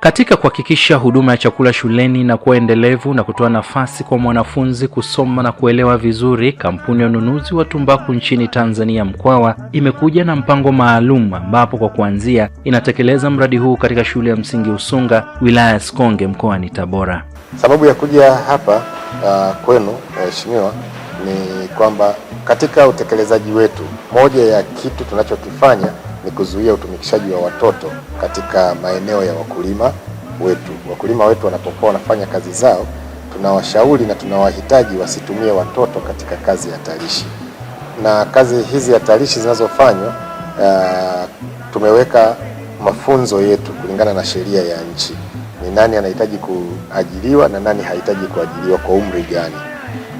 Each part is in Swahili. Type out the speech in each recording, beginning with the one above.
Katika kuhakikisha huduma ya chakula shuleni na kuwa endelevu na kutoa nafasi kwa mwanafunzi kusoma na kuelewa vizuri, kampuni ya ununuzi wa tumbaku nchini Tanzania Mkwawa imekuja na mpango maalum ambapo kwa kuanzia inatekeleza mradi huu katika shule ya msingi Usunga, wilaya ya Sikonge, mkoani Tabora. Sababu ya kuja hapa uh, kwenu waheshimiwa uh, ni kwamba katika utekelezaji wetu, moja ya kitu tunachokifanya ni kuzuia utumikishaji wa watoto katika maeneo ya wakulima wetu. Wakulima wetu wanapokuwa wanafanya kazi zao, tunawashauri na tunawahitaji wasitumie watoto katika kazi hatarishi, na kazi hizi hatarishi zinazofanywa uh, tumeweka mafunzo yetu kulingana na sheria ya nchi, ni nani anahitaji kuajiliwa na nani hahitaji kuajiliwa kwa umri gani.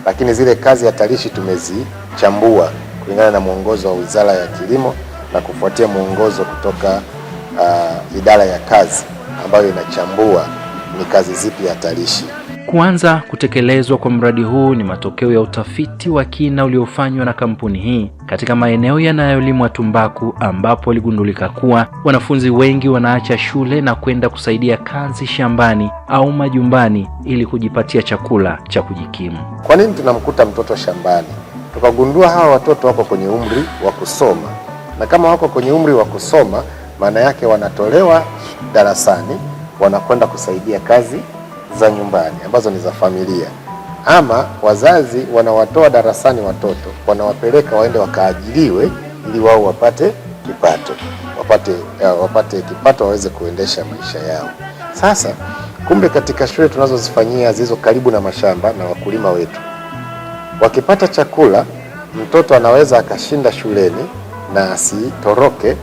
Lakini zile kazi hatarishi tumezichambua kulingana na mwongozo wa Wizara ya Kilimo na kufuatia mwongozo kutoka uh, idara ya kazi ambayo inachambua ni kazi zipi hatarishi. Kuanza kutekelezwa kwa mradi huu ni matokeo ya utafiti wa kina uliofanywa na kampuni hii katika maeneo yanayolimwa tumbaku, ambapo waligundulika kuwa wanafunzi wengi wanaacha shule na kwenda kusaidia kazi shambani au majumbani ili kujipatia chakula cha kujikimu. Kwa nini tunamkuta mtoto shambani? Tukagundua hawa watoto wako kwenye umri wa kusoma na kama wako kwenye umri wa kusoma, maana yake wanatolewa darasani wanakwenda kusaidia kazi za nyumbani ambazo ni za familia, ama wazazi wanawatoa darasani watoto wanawapeleka waende wakaajiriwe, ili wao wapate kipato wapate, uh, wapate kipato waweze kuendesha maisha yao. Sasa kumbe katika shule tunazozifanyia zilizo karibu na mashamba na wakulima wetu wakipata chakula, mtoto anaweza akashinda shuleni na asitoroke,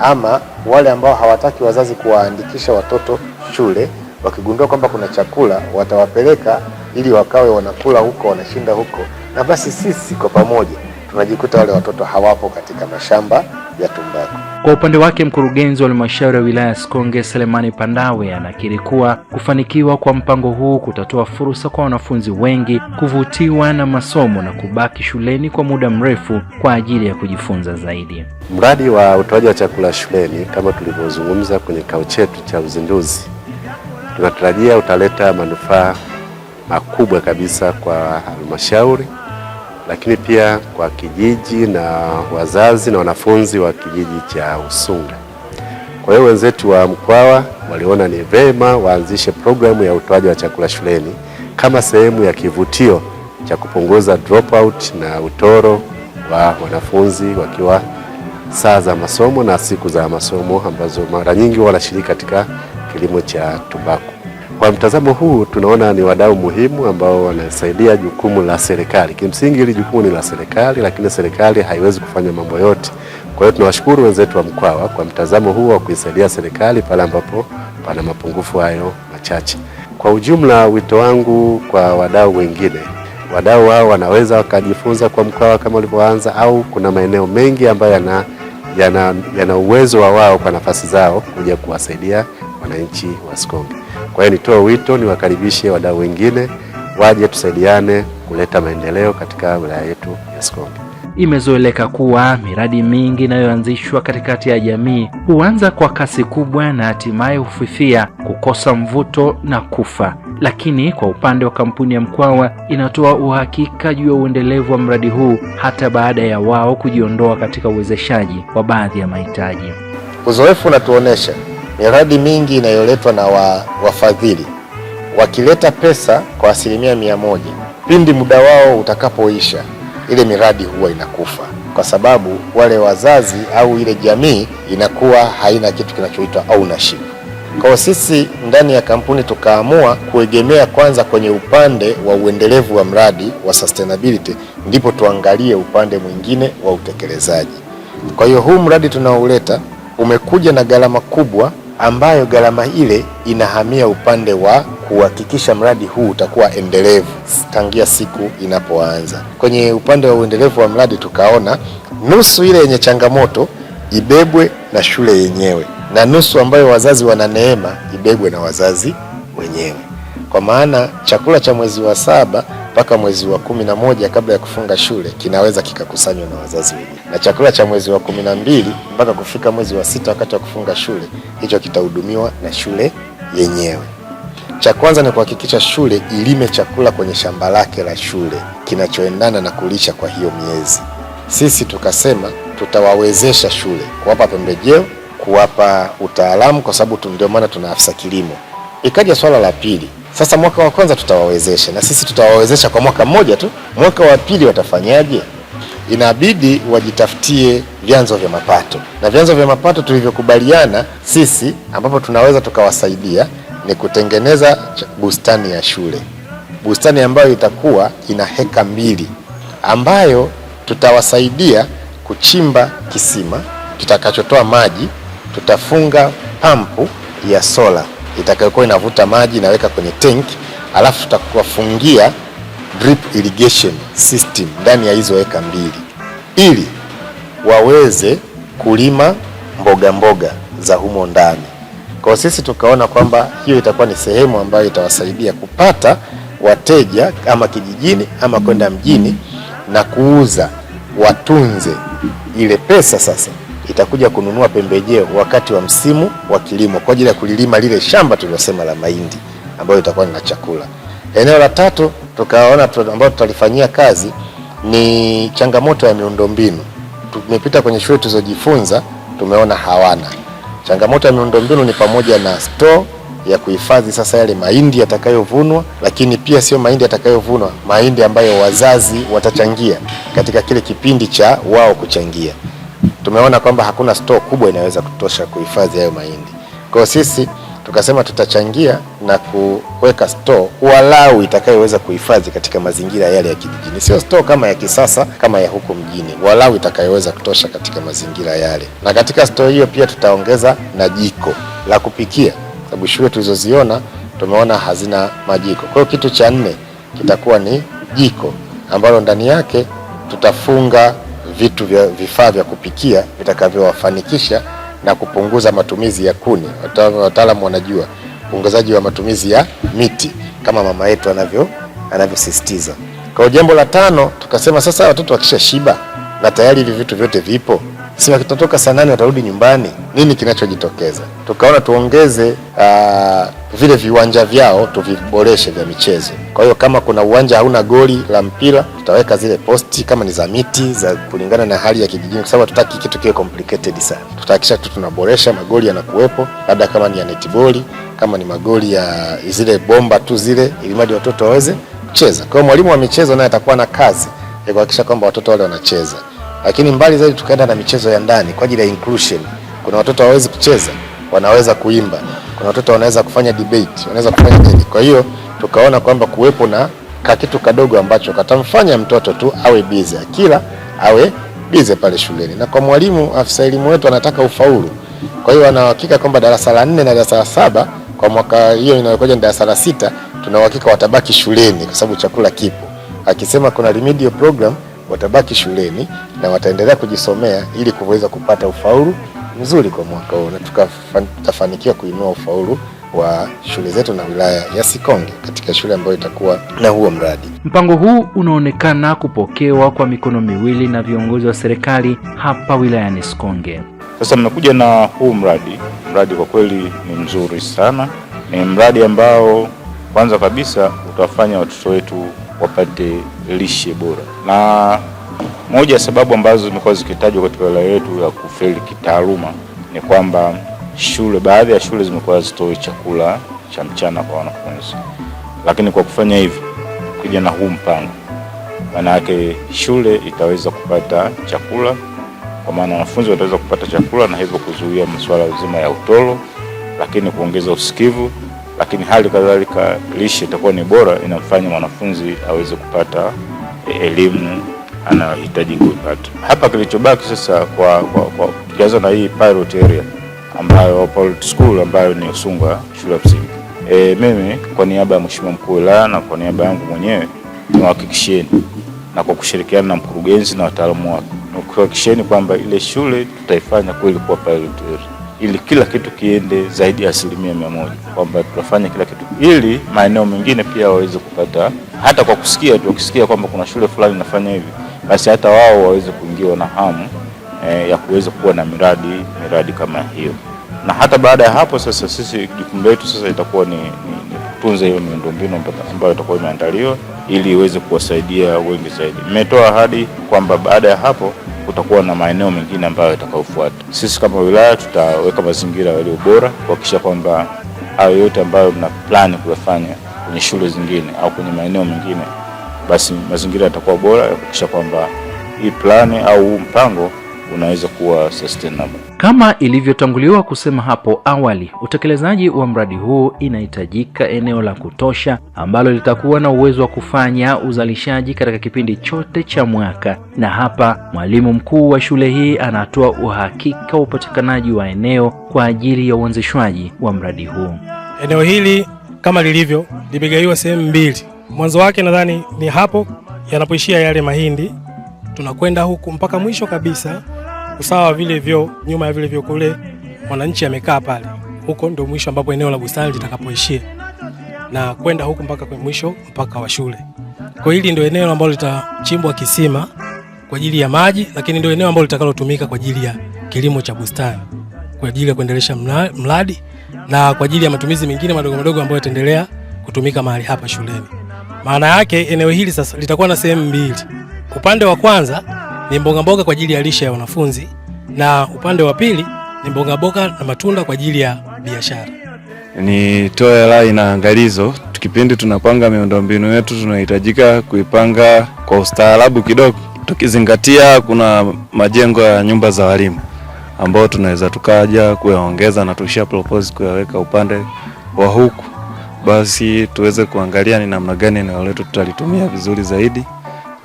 ama wale ambao hawataki wazazi kuwaandikisha watoto shule, wakigundua kwamba kuna chakula watawapeleka ili wakawe wanakula huko wanashinda huko, na basi sisi kwa pamoja tunajikuta wale watoto hawapo katika mashamba ya tumbaku. Kwa upande wake, mkurugenzi wa halmashauri ya wilaya ya Sikonge Selemani Pandawe anakiri kuwa kufanikiwa kwa mpango huu kutatoa fursa kwa wanafunzi wengi kuvutiwa na masomo na kubaki shuleni kwa muda mrefu kwa ajili ya kujifunza zaidi. Mradi wa utoaji wa chakula shuleni, kama tulivyozungumza kwenye kikao chetu cha uzinduzi, tunatarajia utaleta manufaa makubwa kabisa kwa halmashauri lakini pia kwa kijiji na wazazi na wanafunzi wa kijiji cha Usunga. Kwa hiyo wenzetu wa Mkwawa waliona ni vema waanzishe programu ya utoaji wa chakula shuleni kama sehemu ya kivutio cha kupunguza dropout na utoro wa wanafunzi wakiwa saa za masomo na siku za masomo ambazo mara nyingi wanashiriki katika kilimo cha tumbaku. Kwa mtazamo huu tunaona ni wadau muhimu ambao wanasaidia jukumu la serikali. Kimsingi hili jukumu ni la serikali, lakini serikali haiwezi kufanya mambo yote. Kwa hiyo tunawashukuru wenzetu wa Mkwawa kwa mtazamo huu wa kuisaidia serikali pale ambapo pana mapungufu hayo machache. Kwa ujumla, wito wangu kwa wadau wengine, wadau hao wanaweza wakajifunza kwa Mkwawa kama walivyoanza, au kuna maeneo mengi ambayo yana, yana, yana uwezo wa wao kwa nafasi zao kuja kuwasaidia wananchi wa Sikonge. Kwa hiyo nitoe wito niwakaribishe wadau wengine waje tusaidiane kuleta maendeleo katika wilaya yetu ya Sikonge. Imezoeleka kuwa miradi mingi inayoanzishwa katikati ya jamii huanza kwa kasi kubwa na hatimaye hufifia, kukosa mvuto na kufa. Lakini kwa upande wa kampuni ya Mkwawa inatoa uhakika juu ya uendelevu wa mradi huu hata baada ya wao kujiondoa katika uwezeshaji wa baadhi ya mahitaji. Uzoefu unatuonesha miradi mingi inayoletwa na wa, wafadhili wakileta pesa kwa asilimia mia moja, pindi muda wao utakapoisha ile miradi huwa inakufa, kwa sababu wale wazazi au ile jamii inakuwa haina kitu kinachoitwa ownership. Kwa sisi ndani ya kampuni tukaamua kuegemea kwanza kwenye upande wa uendelevu wa mradi wa sustainability, ndipo tuangalie upande mwingine wa utekelezaji. Kwa hiyo huu mradi tunaouleta umekuja na gharama kubwa ambayo gharama ile inahamia upande wa kuhakikisha mradi huu utakuwa endelevu tangia siku inapoanza. Kwenye upande wa uendelevu wa mradi tukaona nusu ile yenye changamoto ibebwe na shule yenyewe na nusu ambayo wazazi wana neema ibebwe na wazazi wenyewe, kwa maana chakula cha mwezi wa saba mpaka mwezi wa kumi na moja kabla ya kufunga shule kinaweza kikakusanywa na wazazi wenyewe, na chakula cha mwezi wa kumi na mbili mpaka kufika mwezi wa sita wakati wa kufunga shule, hicho kitahudumiwa na shule yenyewe. Cha kwanza ni kuhakikisha shule ilime chakula kwenye shamba lake la shule kinachoendana na kulisha kwa hiyo miezi. Sisi tukasema tutawawezesha shule kuwapa pembejeo, kuwapa utaalamu, kwa sababu ndio maana tuna afisa kilimo. Ikaja swala la pili sasa mwaka wa kwanza tutawawezesha, na sisi tutawawezesha kwa mwaka mmoja tu. Mwaka wa pili watafanyaje? Inabidi wajitafutie vyanzo vya mapato, na vyanzo vya mapato tulivyokubaliana sisi ambapo tunaweza tukawasaidia ni kutengeneza bustani ya shule, bustani ambayo itakuwa ina heka mbili, ambayo tutawasaidia kuchimba kisima kitakachotoa maji, tutafunga pampu ya sola itakayokuwa inavuta maji inaweka kwenye tenki, alafu tutakuwafungia drip irrigation system ndani ya hizo eka mbili ili waweze kulima mboga mboga za humo ndani. Kwa sisi tukaona kwamba hiyo itakuwa ni sehemu ambayo itawasaidia kupata wateja ama kijijini ama kwenda mjini na kuuza, watunze ile pesa sasa itakuja kununua pembejeo wakati wa msimu wa kilimo kwa ajili ya kulilima lile shamba tuliosema la mahindi ambayo itakuwa na chakula. Eneo la tatu tukaona ambayo tutalifanyia kazi ni changamoto ya miundombinu. Tumepita kwenye shule tulizojifunza, tumeona hawana changamoto. Ya miundombinu ni pamoja na store ya kuhifadhi sasa yale mahindi yatakayovunwa, lakini pia sio mahindi yatakayovunwa, mahindi ambayo wazazi watachangia katika kile kipindi cha wao kuchangia tumeona kwamba hakuna store kubwa inaweza kutosha kuhifadhi hayo mahindi. Kwa hiyo sisi tukasema tutachangia na kuweka store walau itakayoweza kuhifadhi katika mazingira yale ya kijijini, sio store kama ya kisasa kama ya huku mjini, walau itakayoweza kutosha katika mazingira yale. Na katika store hiyo pia tutaongeza na jiko la kupikia, sababu shule tulizoziona tumeona hazina majiko. Kwa hiyo kitu cha nne kitakuwa ni jiko ambalo ndani yake tutafunga vitu vya vifaa vya kupikia vitakavyowafanikisha na kupunguza matumizi ya kuni. Wataalamu wanajua uongezaji wa matumizi ya miti kama mama yetu anavyo anavyosisitiza. Kwa jambo la tano, tukasema sasa watoto wakisha shiba na tayari hivi vitu vyote vipo, si wakitotoka saa nane watarudi nyumbani, nini kinachojitokeza? Tukaona tuongeze aa, vile viwanja vyao tuviboreshe vya michezo. Kwa hiyo kama kuna uwanja hauna goli la mpira, tutaweka zile posti kama ni za miti za kulingana na hali ya kijijini, kwa sababu tutaki kitu kiwe complicated sana. Tutahakisha tu tunaboresha, magoli yanakuwepo, labda kama ni ya netiboli, kama ni magoli ya zile bomba tu zile, ili mradi watoto waweze kucheza. Kwa hiyo mwalimu wa michezo naye atakuwa na kazi ya kuhakikisha kwamba watoto wale wanacheza, lakini mbali zaidi tukaenda na michezo ya ndani kwa ajili ya inclusion. Kuna watoto hawawezi kucheza wanaweza kuimba, kuna watoto wanaweza kufanya debate, wanaweza kufanya nini. Kwa hiyo tukaona kwamba kuwepo na kakitu kadogo ambacho katamfanya mtoto tu awe bize, akila awe bize pale shuleni, na kwa mwalimu, afisa elimu wetu anataka ufaulu. Kwa hiyo ana uhakika kwamba darasa la nne na darasa la saba kwa mwaka hiyo inayokuja ni darasa la sita, tuna uhakika watabaki shuleni kwa sababu chakula kipo. Akisema kuna remedial program watabaki shuleni na wataendelea kujisomea ili kuweza kupata ufaulu mzuri kwa mwaka huu na tukafanikiwa kuinua ufaulu wa shule zetu na wilaya ya Sikonge katika shule ambayo itakuwa na huo mradi. Mpango huu unaonekana kupokewa kwa mikono miwili na viongozi wa serikali hapa wilayani Sikonge. Sasa mmekuja na huu mradi, mradi kwa kweli ni mzuri sana. Ni mradi ambao kwanza kabisa utafanya watoto wetu wapate lishe bora na moja ya sababu ambazo zimekuwa zikitajwa katika wilaya yetu ya kufeli kitaaluma ni kwamba shule, baadhi ya shule zimekuwa zitoi chakula cha mchana kwa wanafunzi, lakini kwa kufanya hivyo, ukija na huu mpango, maana yake shule itaweza kupata chakula, kwa maana wanafunzi wataweza kupata chakula na hivyo kuzuia masuala zima ya utoro, lakini kuongeza usikivu, lakini hali kadhalika lishe itakuwa ni bora, inamfanya mwanafunzi aweze kupata eh, elimu anahitaji kuipata. Hapa kilichobaki sasa kwa, kwa, kwa tukianza na hii pilot area ambayo pilot school ambayo ni Usunga shule ya msingi. E, mimi kwa niaba ya Mheshimiwa mkuu wa wilaya na kwa niaba yangu mwenyewe niwahakikishieni na kwa kushirikiana na mkurugenzi na wataalamu wake nikuhakikisheni kwamba ile shule tutaifanya kweli kuwa pilot area ili kila kitu kiende zaidi ya asilimia mia moja, kwamba tutafanya kila kitu ili maeneo mengine pia waweze kupata, hata kwa kusikia tu, wakisikia kwamba kuna shule fulani inafanya hivi basi hata wao waweze kuingiwa na hamu e, ya kuweza kuwa na miradi miradi kama hiyo. Na hata baada ya hapo sasa, sisi jukumu letu sasa itakuwa ni, ni kutunza hiyo miundombinu ambayo itakuwa imeandaliwa ili iweze kuwasaidia wengi zaidi. Mmetoa ahadi kwamba baada ya hapo kutakuwa na maeneo mengine ambayo yatakayofuata. Sisi kama wilaya tutaweka mazingira yaliyo bora kuhakikisha kwamba hayo yote ambayo mna plani kuyafanya kwenye shule zingine au kwenye maeneo mengine basi mazingira yatakuwa bora ya kuhakikisha kwamba hii plani au mpango unaweza kuwa sustainable. Kama ilivyotanguliwa kusema hapo awali, utekelezaji wa mradi huu inahitajika eneo la kutosha ambalo litakuwa na uwezo wa kufanya uzalishaji katika kipindi chote cha mwaka, na hapa mwalimu mkuu wa shule hii anatoa uhakika wa upatikanaji wa eneo kwa ajili ya uanzishwaji wa mradi huu. Eneo hili kama lilivyo limegaiwa sehemu mbili mwanzo wake nadhani ni hapo yanapoishia yale mahindi, tunakwenda huku mpaka mwisho kabisa, usawa vile vyo nyuma ya vile vyo kule mwananchi amekaa pale, huko ndio mwisho ambapo eneo la bustani litakapoishia na kwenda huku mpaka kwa mwisho mpaka wa shule. Kwa hili ndio eneo ambalo litachimbwa kisima kwa ajili ya maji, lakini ndio eneo ambalo litakalotumika kwa ajili ya kilimo cha bustani kwa ajili ya kuendelesha mradi na kwa ajili ya matumizi mengine madogo madogo ambayo yataendelea kutumika mahali hapa shuleni. Maana yake eneo hili sasa litakuwa na sehemu mbili. Upande wa kwanza ni mbogamboga kwa ajili ya lishe ya wanafunzi na upande wa pili ni mbogamboga na matunda kwa ajili ya biashara. Nitoe rai na angalizo, kipindi tunapanga miundombinu yetu tunahitajika kuipanga kwa ustaarabu kidogo, tukizingatia kuna majengo ya nyumba za walimu ambao tunaweza tukaja kuyaongeza na tushia propose kuyaweka upande wa huku basi tuweze kuangalia ni namna gani eneo letu tutalitumia vizuri zaidi,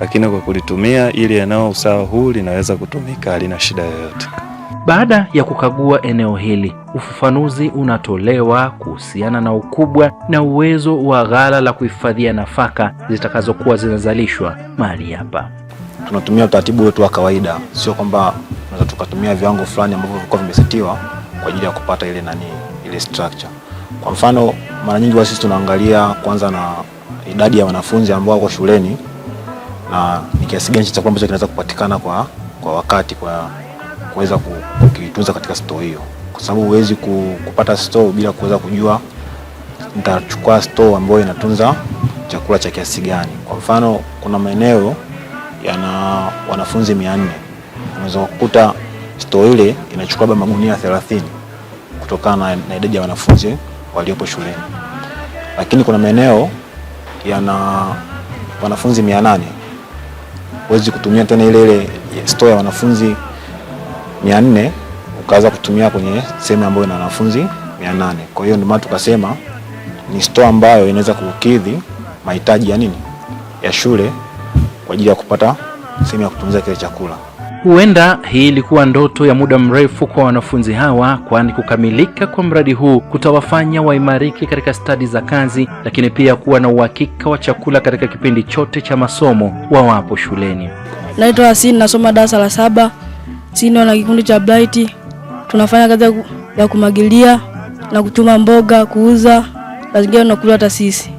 lakini kwa kulitumia ili eneo usawa huu linaweza kutumika, halina shida yoyote. Baada ya kukagua eneo hili, ufafanuzi unatolewa kuhusiana na ukubwa na uwezo wa ghala la kuhifadhia nafaka zitakazokuwa zinazalishwa mahali hapa. Tunatumia utaratibu wetu wa kawaida, sio kwamba tunaweza tukatumia viwango fulani ambavyo vilikuwa vimesitiwa kwa ajili ya kupata ile nanii ile structure. Kwa mfano, mara nyingi sisi tunaangalia kwanza na idadi ya wanafunzi ambao wako shuleni na ni kiasi gani cha chakula ambacho kinaweza kupatikana kwa, kwa wakati kwa kuweza kukitunza katika store hiyo, kwa sababu huwezi kupata store bila kuweza kujua nitachukua store ambayo inatunza chakula cha kiasi gani. Kwa mfano, kuna maeneo yana wanafunzi 400 unaweza kukuta store ile inachukua magunia 30 kutokana na idadi ya wanafunzi waliopo shuleni, lakini kuna maeneo yana wanafunzi mia nane huwezi kutumia tena ile ile store ya wanafunzi mia nne ukaanza kutumia kwenye sehemu ambayo ina wanafunzi mia nane Kwa hiyo ndio maana tukasema ni store ambayo inaweza kukidhi mahitaji ya nini ya shule kwa ajili ya kupata sehemu ya kutunza kile chakula. Huenda hii ilikuwa ndoto ya muda mrefu kwa wanafunzi hawa, kwani kukamilika kwa mradi huu kutawafanya waimarike katika stadi za kazi, lakini pia kuwa na uhakika wa chakula katika kipindi chote cha masomo wawapo shuleni. Naitwa Hasini, nasoma darasa la saba. Sisi na kikundi cha Bright tunafanya kazi ya kumagilia na kuchuma mboga, kuuza na zingine tunakula hata sisi.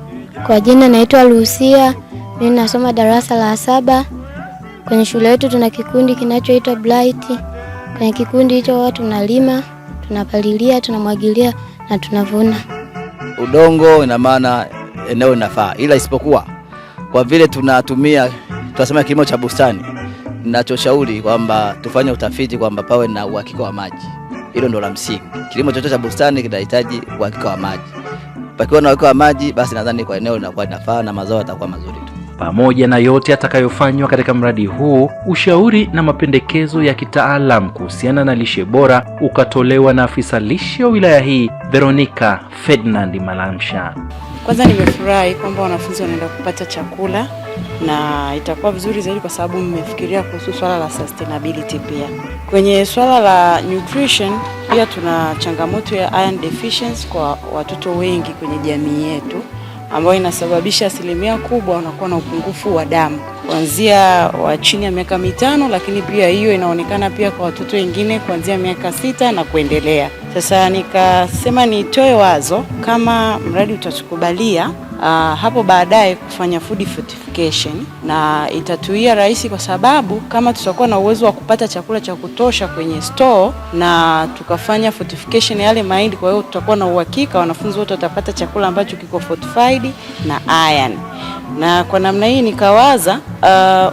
Kwa jina naitwa Lucia, mimi nasoma darasa la saba. Kwenye shule yetu tuna kikundi kinachoitwa Bright. Kwenye kikundi hicho huwa tunalima, tunapalilia, tunamwagilia na tunavuna. Udongo ina maana eneo linafaa, ila isipokuwa kwa vile tunatumia tunasema kilimo cha bustani, ninachoshauri kwamba tufanye utafiti kwamba pawe na uhakika wa maji. Hilo ndo la msingi. Kilimo chochote cha bustani kinahitaji uhakika wa maji. Pakiwa na uhakika wa maji, basi nadhani kwa eneo linakuwa linafaa na mazao yatakuwa mazuri. Pamoja na yote atakayofanywa katika mradi huu, ushauri na mapendekezo ya kitaalam kuhusiana na lishe bora ukatolewa na afisa lishe wa wilaya hii Veronica Ferdinand Malamsha. Kwanza nimefurahi kwamba wanafunzi wanaenda kupata chakula na itakuwa vizuri zaidi kwa sababu mmefikiria kuhusu swala la sustainability. Pia kwenye swala la nutrition, pia tuna changamoto ya iron deficiency kwa watoto wengi kwenye jamii yetu ambayo inasababisha asilimia kubwa wanakuwa na upungufu wa damu kuanzia wa chini ya miaka mitano, lakini pia hiyo inaonekana pia kwa watoto wengine kuanzia miaka sita na kuendelea. Sasa nikasema nitoe wazo kama mradi utatukubalia Uh, hapo baadaye kufanya food fortification na itatuia rahisi, kwa sababu kama tutakuwa na uwezo wa kupata chakula cha kutosha kwenye store na tukafanya fortification yale mahindi, kwa hiyo tutakuwa na uhakika wanafunzi wote watapata chakula ambacho kiko fortified na iron na kwa namna hii nikawaza,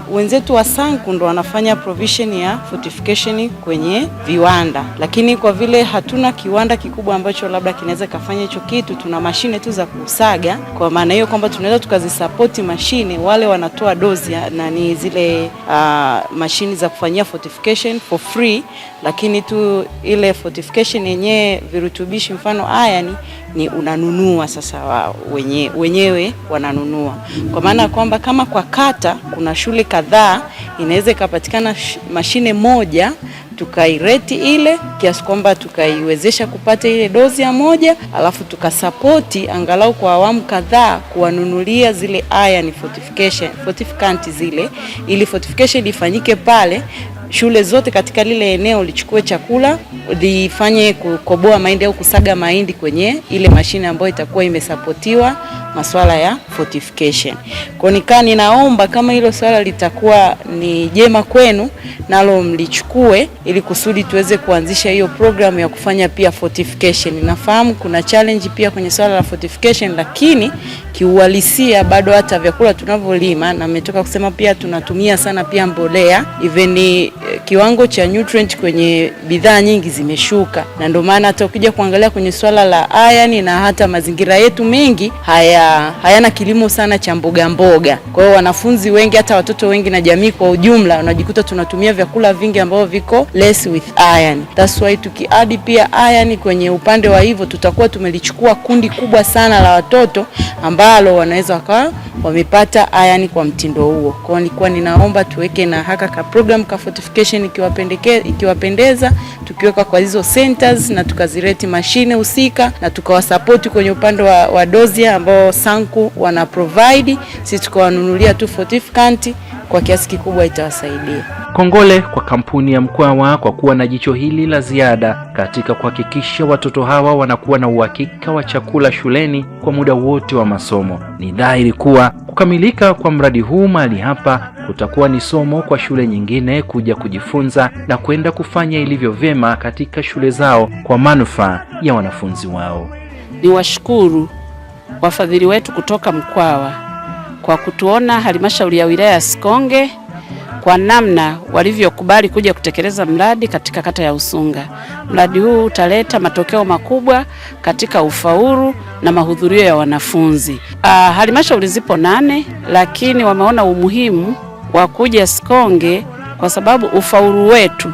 uh, wenzetu wa Sanku ndo wanafanya provision ya fortification kwenye viwanda, lakini kwa vile hatuna kiwanda kikubwa ambacho labda kinaweza kafanya hicho kitu, tuna mashine tu za kusaga. Kwa maana hiyo kwamba tunaweza tukazisapoti mashine, wale wanatoa dozi na ni zile uh, mashine za kufanyia fortification for free, lakini tu ile fortification yenyewe virutubishi, mfano ayani ni unanunua sasa wenye, wenyewe wananunua kwa maana ya kwamba kama kwa kata kuna shule kadhaa, inaweza ikapatikana mashine moja tukaireti ile kiasi kwamba tukaiwezesha kupata ile dozi ya moja, alafu tukasapoti angalau kwa awamu kadhaa kuwanunulia zile iron fortification fortificant zile, ili fortification ifanyike pale shule zote katika lile eneo lichukue chakula lifanye kukoboa mahindi au kusaga mahindi kwenye ile mashine ambayo itakuwa imesapotiwa masuala ya fortification. Kwa nikaa ninaomba kama hilo swala litakuwa ni jema kwenu, nalo mlichukue ili kusudi tuweze kuanzisha hiyo programu ya kufanya pia fortification. Nafahamu kuna challenge pia kwenye swala la fortification, lakini kiuhalisia bado hata vyakula tunavyolima na mmetoka kusema pia tunatumia sana pia mbolea even kiwango cha nutrient kwenye bidhaa nyingi zimeshuka, na ndio maana hata ukija kuangalia kwenye swala la iron na hata mazingira yetu mengi haya hayana kilimo sana cha mboga mboga. Kwa hiyo wanafunzi wengi, hata watoto wengi na jamii kwa ujumla, wanajikuta tunatumia vyakula vingi ambavyo viko less with iron. That's why tukiadi pia iron kwenye upande wa hivyo, tutakuwa tumelichukua kundi kubwa sana la watoto ambalo wanaweza wakawa wamepata iron kwa mtindo huo. Kwa hiyo nilikuwa ninaomba tuweke na haka ka program ka fortification location ikiwapendeza, tukiweka kwa hizo centers na tukazireti mashine husika na tukawasapoti kwenye upande wa, wa dozia ambao Sanku wana provide, sisi tukawanunulia tu fortificanti kwa kiasi kikubwa itawasaidia. Kongole kwa kampuni ya Mkwawa kwa kuwa na jicho hili la ziada katika kuhakikisha watoto hawa wanakuwa na uhakika wa chakula shuleni kwa muda wote wa masomo. Ni dhahiri kuwa kukamilika kwa mradi huu mahali hapa kutakuwa ni somo kwa shule nyingine kuja kujifunza na kwenda kufanya ilivyo vyema katika shule zao kwa manufaa ya wanafunzi wao. Niwashukuru wafadhili wetu kutoka Mkwawa kwa kutuona halmashauri ya wilaya ya Sikonge kwa namna walivyokubali kuja kutekeleza mradi katika kata ya Usunga. Mradi huu utaleta matokeo makubwa katika ufaulu na mahudhurio ya wanafunzi. Ah, halmashauri zipo nane, lakini wameona umuhimu wa kuja Sikonge kwa sababu ufaulu wetu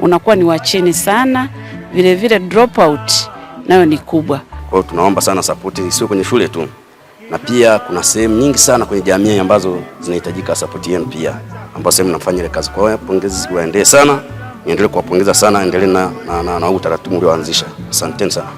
unakuwa ni wa chini sana, vilevile dropout nayo ni kubwa. Kwa hiyo tunaomba sana sapoti, sio kwenye shule tu na pia kuna sehemu nyingi sana kwenye jamii ambazo zinahitajika support yenu pia, ambapo sehemu nafanya ile kazi. Kwa hiyo pongezi ziwaendee sana, niendelee kuwapongeza sana, endelee na na, na, na utaratibu ulioanzisha. Asanteni sana.